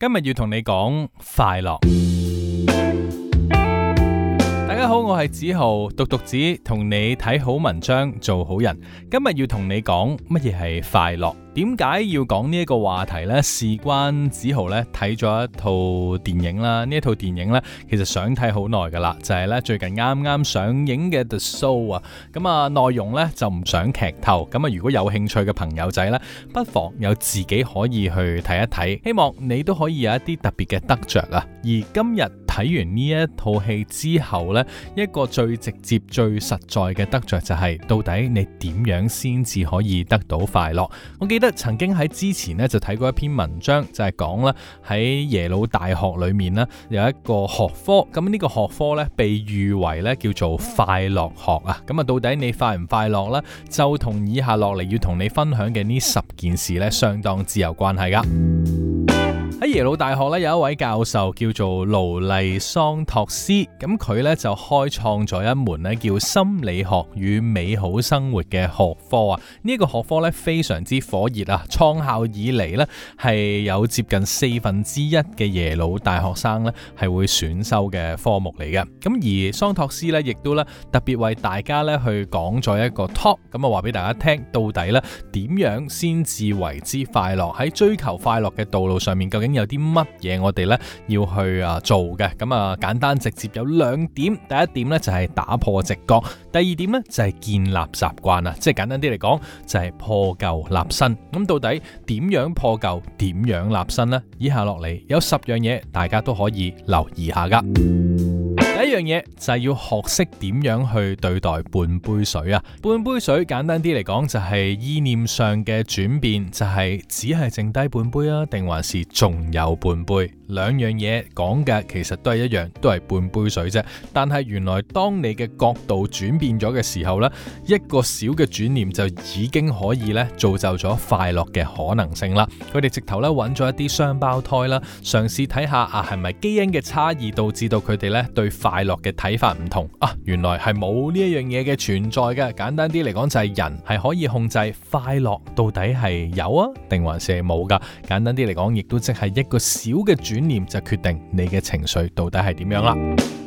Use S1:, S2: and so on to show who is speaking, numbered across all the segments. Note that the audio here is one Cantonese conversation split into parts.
S1: 今日要同你講快樂。我係子豪，獨讀子，同你睇好文章，做好人。今日要同你講乜嘢係快樂？點解要講呢一個話題呢？事關子豪呢，睇咗一套電影啦。呢一套電影呢，其實想睇好耐噶啦，就係、是、呢最近啱啱上映嘅 The Show 啊。咁、嗯、啊，內容呢就唔想劇透。咁、嗯、啊，如果有興趣嘅朋友仔呢，不妨有自己可以去睇一睇。希望你都可以有一啲特別嘅得着啊。而今日。睇完呢一套戲之後呢，一個最直接、最實在嘅得着，就係、是，到底你點樣先至可以得到快樂？我記得曾經喺之前呢，就睇過一篇文章，就係講啦，喺耶魯大學裏面呢，有一個學科，咁、這、呢個學科呢，被譽為呢，叫做快樂學啊。咁啊，到底你快唔快樂呢？就同以下落嚟要同你分享嘅呢十件事呢，相當之有關係噶。喺耶魯大學咧，有一位教授叫做勞麗桑托斯，咁佢咧就開創咗一門咧叫心理學與美好生活嘅學科啊！呢一個學科咧非常之火熱啊！創校以嚟咧係有接近四分之一嘅耶魯大學生咧係會選修嘅科目嚟嘅。咁而桑托斯咧亦都咧特別為大家咧去講咗一個 talk，咁啊話俾大家聽到底咧點樣先至為之快樂？喺追求快樂嘅道路上面究竟，有啲乜嘢我哋呢要去啊做嘅，咁啊簡單直接有兩點，第一點呢，就係打破直覺，第二點呢，就係建立習慣啊，即係簡單啲嚟講就係破舊立新。咁到底點樣破舊，點樣立新呢？以下落嚟有十樣嘢，大家都可以留意下噶。一樣嘢，就係要學識點樣去對待半杯水啊！半杯水簡單啲嚟講就係意念上嘅轉變，就係只係剩低半杯啊，定還是仲有半杯？兩樣嘢講嘅其實都係一樣，都係半杯水啫。但係原來當你嘅角度轉變咗嘅時候咧，一個小嘅轉念就已經可以咧造就咗快樂嘅可能性啦。佢哋直頭揾咗一啲雙胞胎啦，嘗試睇下啊係咪基因嘅差異導致到佢哋咧對快快樂嘅睇法唔同啊，原來係冇呢一樣嘢嘅存在噶。簡單啲嚟講就係人係可以控制快樂，到底係有啊定還是冇噶？簡單啲嚟講，亦都即係一個小嘅轉念就決定你嘅情緒到底係點樣啦。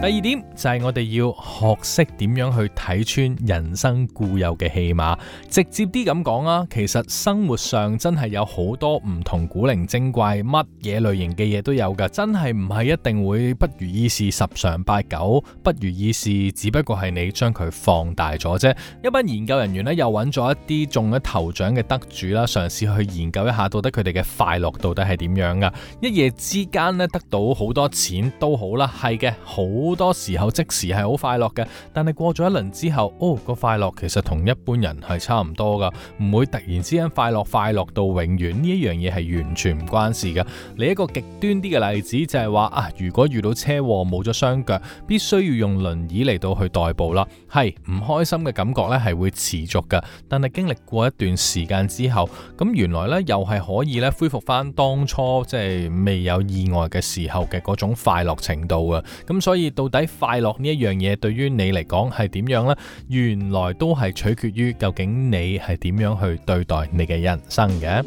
S1: 第二點就係我哋要學識點樣去睇穿人生固有嘅戲碼。直接啲咁講啦，其實生活上真係有好多唔同古靈精怪乜嘢類型嘅嘢都有㗎。真係唔係一定會不如意事十常八九，不如意事只不過係你將佢放大咗啫。一班研究人員呢又揾咗一啲中咗頭獎嘅得主啦，嘗試去研究一下，到底佢哋嘅快樂到底係點樣噶？一夜之間呢得到好多錢都好啦，係嘅好。好多時候即時係好快樂嘅，但係過咗一輪之後，哦，個快樂其實同一般人係差唔多噶，唔會突然之間快樂快樂到永遠呢一樣嘢係完全唔關事噶。嚟一個極端啲嘅例子就係話啊，如果遇到車禍冇咗雙腳，必須要用輪椅嚟到去代步啦，係唔開心嘅感覺呢係會持續噶，但係經歷過一段時間之後，咁原來呢又係可以呢恢復翻當初即係未有意外嘅時候嘅嗰種快樂程度嘅，咁所以。到底快樂呢一樣嘢對於你嚟講係點樣呢？原來都係取決於究竟你係點樣去對待你嘅人生嘅。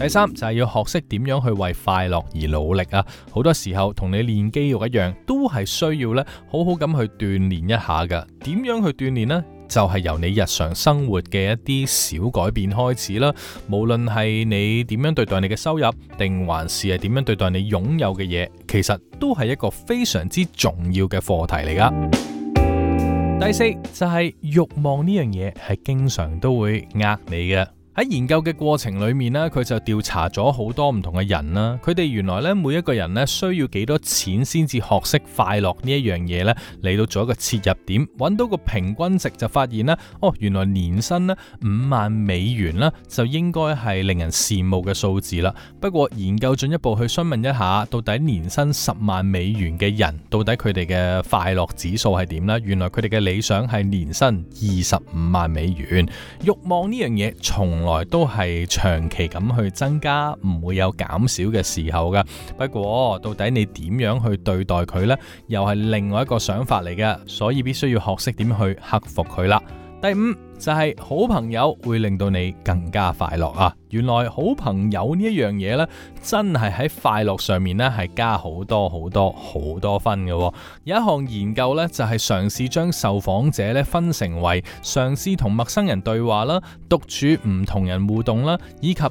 S1: 第三就係要學識點樣去為快樂而努力啊！好多時候同你練肌肉一樣，都係需要咧好好咁去鍛煉一下噶。點樣去鍛煉呢？就係由你日常生活嘅一啲小改變開始啦，無論係你點樣對待你嘅收入，定還是係點樣對待你擁有嘅嘢，其實都係一個非常之重要嘅課題嚟噶。 第四就係、是、慾望呢樣嘢係經常都會呃你嘅。喺研究嘅過程裏面呢，佢就調查咗好多唔同嘅人啦。佢哋原來呢，每一個人呢，需要幾多錢先至學識快樂呢一樣嘢，呢嚟到做一個切入點，揾到個平均值就發現呢哦，原來年薪呢，五萬美元呢，就應該係令人羨慕嘅數字啦。不過研究進一步去詢問一下，到底年薪十萬美元嘅人到底佢哋嘅快樂指數係點呢？原來佢哋嘅理想係年薪二十五萬美元。欲望呢樣嘢從來都係長期咁去增加，唔會有減少嘅時候噶。不過到底你點樣去對待佢呢？又係另外一個想法嚟嘅，所以必須要學識點去克服佢啦。第五就係好朋友會令到你更加快樂啊。原來好朋友呢一樣嘢呢，真係喺快樂上面呢，係加好多好多好多分嘅。有一項研究呢，就係嘗試將受訪者呢分成為嘗試同陌生人對話啦、獨處唔同人互動啦，以及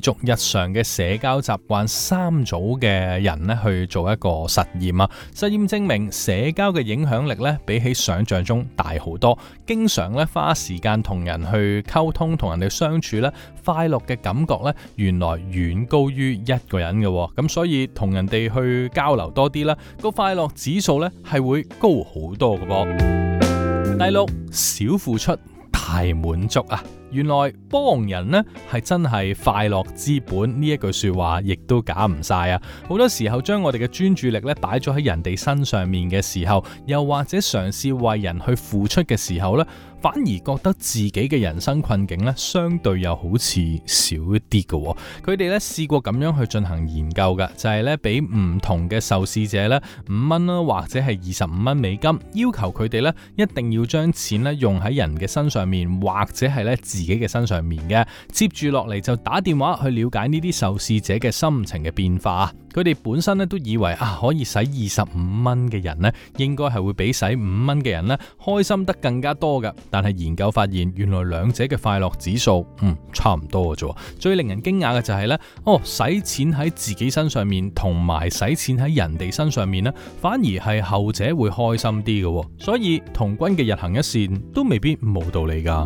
S1: 持續日常嘅社交習慣三組嘅人呢去做一個實驗啊。實驗證明社交嘅影響力呢，比起想像中大好多。經常呢，花時間同人去溝通、同人哋相處呢，快樂嘅感覺咧，原來遠高於一個人嘅，咁所以同人哋去交流多啲啦，個快樂指數咧係會高好多嘅噃。第六，少付出，太滿足啊！原來幫人呢係真係快樂之本呢一句說話，亦都假唔晒啊！好多時候將我哋嘅專注力呢擺咗喺人哋身上面嘅時候，又或者嘗試為人去付出嘅時候呢，反而覺得自己嘅人生困境呢，相對又好似少一啲嘅喎。佢哋呢試過咁樣去進行研究㗎，就係呢俾唔同嘅受試者呢五蚊啦，或者係二十五蚊美金，要求佢哋呢一定要將錢呢用喺人嘅身上面，或者係呢，自己嘅身上面嘅，接住落嚟就打電話去了解呢啲受試者嘅心情嘅變化啊！佢哋本身咧都以為啊，可以使二十五蚊嘅人咧，應該係會比使五蚊嘅人咧開心得更加多嘅。但係研究發現，原來兩者嘅快樂指數嗯差唔多嘅啫。最令人驚訝嘅就係咧，哦，使錢喺自己身上面同埋使錢喺人哋身上面咧，反而係後者會開心啲嘅。所以童軍嘅日行一善都未必冇道理噶。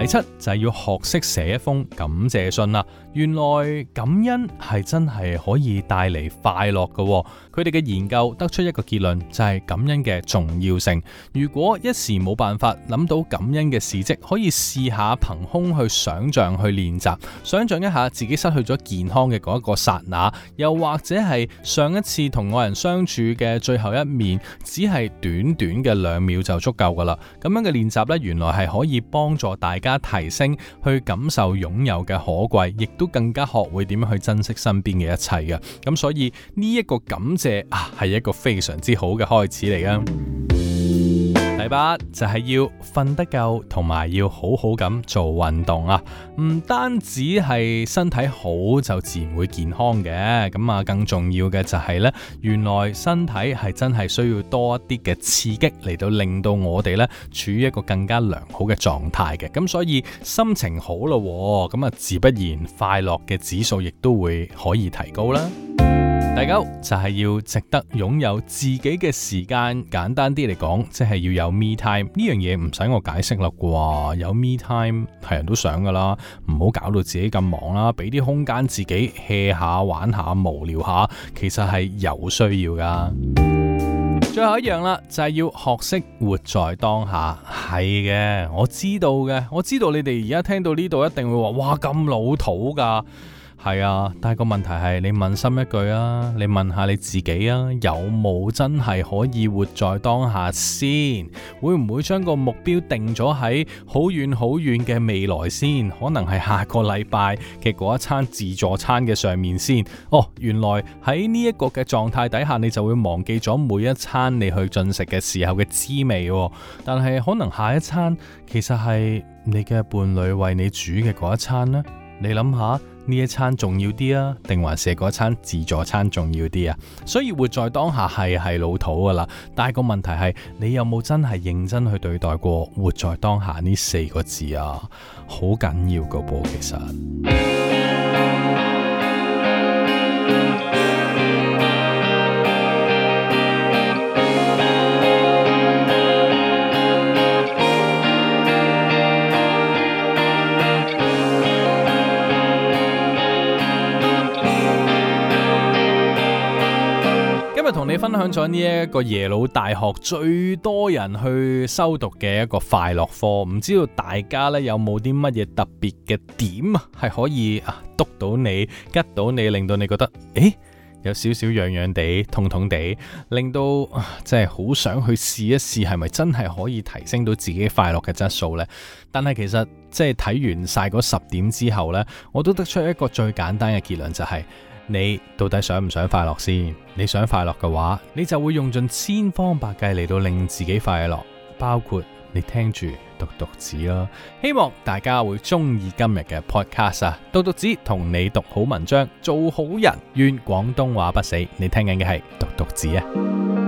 S1: 第七就係、是、要學識寫一封感謝信啦。原來感恩係真係可以帶嚟快樂㗎喎。佢哋嘅研究得出一個結論，就係感恩嘅重要性。如果一時冇辦法諗到感恩嘅事跡，可以試下憑空去想象去練習，想象一下自己失去咗健康嘅嗰一個剎那，又或者係上一次同愛人相處嘅最後一面，只係短短嘅兩秒就足夠噶啦。咁樣嘅練習咧，原來係可以幫助大家提升去感受擁有嘅可貴，亦都更加學會點樣去珍惜身邊嘅一切嘅。咁所以呢一個感謝。啊，係一個非常之好嘅開始嚟啦。第八就係要瞓得夠，同埋要好好咁做運動啊！唔單止係身體好就自然會健康嘅，咁啊更重要嘅就係呢，原來身體係真係需要多一啲嘅刺激嚟到令到我哋呢處於一個更加良好嘅狀態嘅。咁所以心情好咯，咁啊自不然快樂嘅指數亦都會可以提高啦。第九就係要值得擁有自己嘅時間，簡單啲嚟講，即係要有 me time 呢樣嘢，唔使我解釋啦啩，有 me time 係人都想噶啦，唔好搞到自己咁忙啦，俾啲空間自己 hea 下、玩下、無聊下，其實係有需要噶。 最後一樣啦，就係要學識活在當下。係嘅，我知道嘅，我知道你哋而家聽到呢度一定會話，哇咁老土噶。係啊，但係個問題係，你問心一句啊，你問下你自己啊，有冇真係可以活在當下先？會唔會將個目標定咗喺好遠好遠嘅未來先？可能係下個禮拜嘅嗰一餐自助餐嘅上面先。哦，原來喺呢一個嘅狀態底下，你就會忘記咗每一餐你去進食嘅時候嘅滋味喎。但係可能下一餐其實係你嘅伴侶為你煮嘅嗰一餐咧。你諗下呢一餐重要啲啊，定還是嗰餐自助餐重要啲啊？所以活在當下係係老土噶啦，但係個問題係你有冇真係認真去對待過活在當下呢四個字啊？好緊要噶噃，其實。同你分享咗呢一個耶魯大學最多人去修讀嘅一個快樂課，唔知道大家呢有冇啲乜嘢特別嘅點啊，係可以啊，篤到你吉到你，令到你覺得誒，有少少癢癢地痛痛地，令到即係好想去試一試，係咪真係可以提升到自己快樂嘅質素呢？但係其實即係睇完晒嗰十點之後呢，我都得出一個最簡單嘅結論，就是，就係。你到底想唔想快樂先？你想快樂嘅話，你就會用盡千方百計嚟到令自己快樂，包括你聽住獨讀子咯。希望大家會鍾意今日嘅 podcast 啊，獨讀子同你讀好文章，做好人，願廣東話不死。你聽緊嘅係獨讀子啊。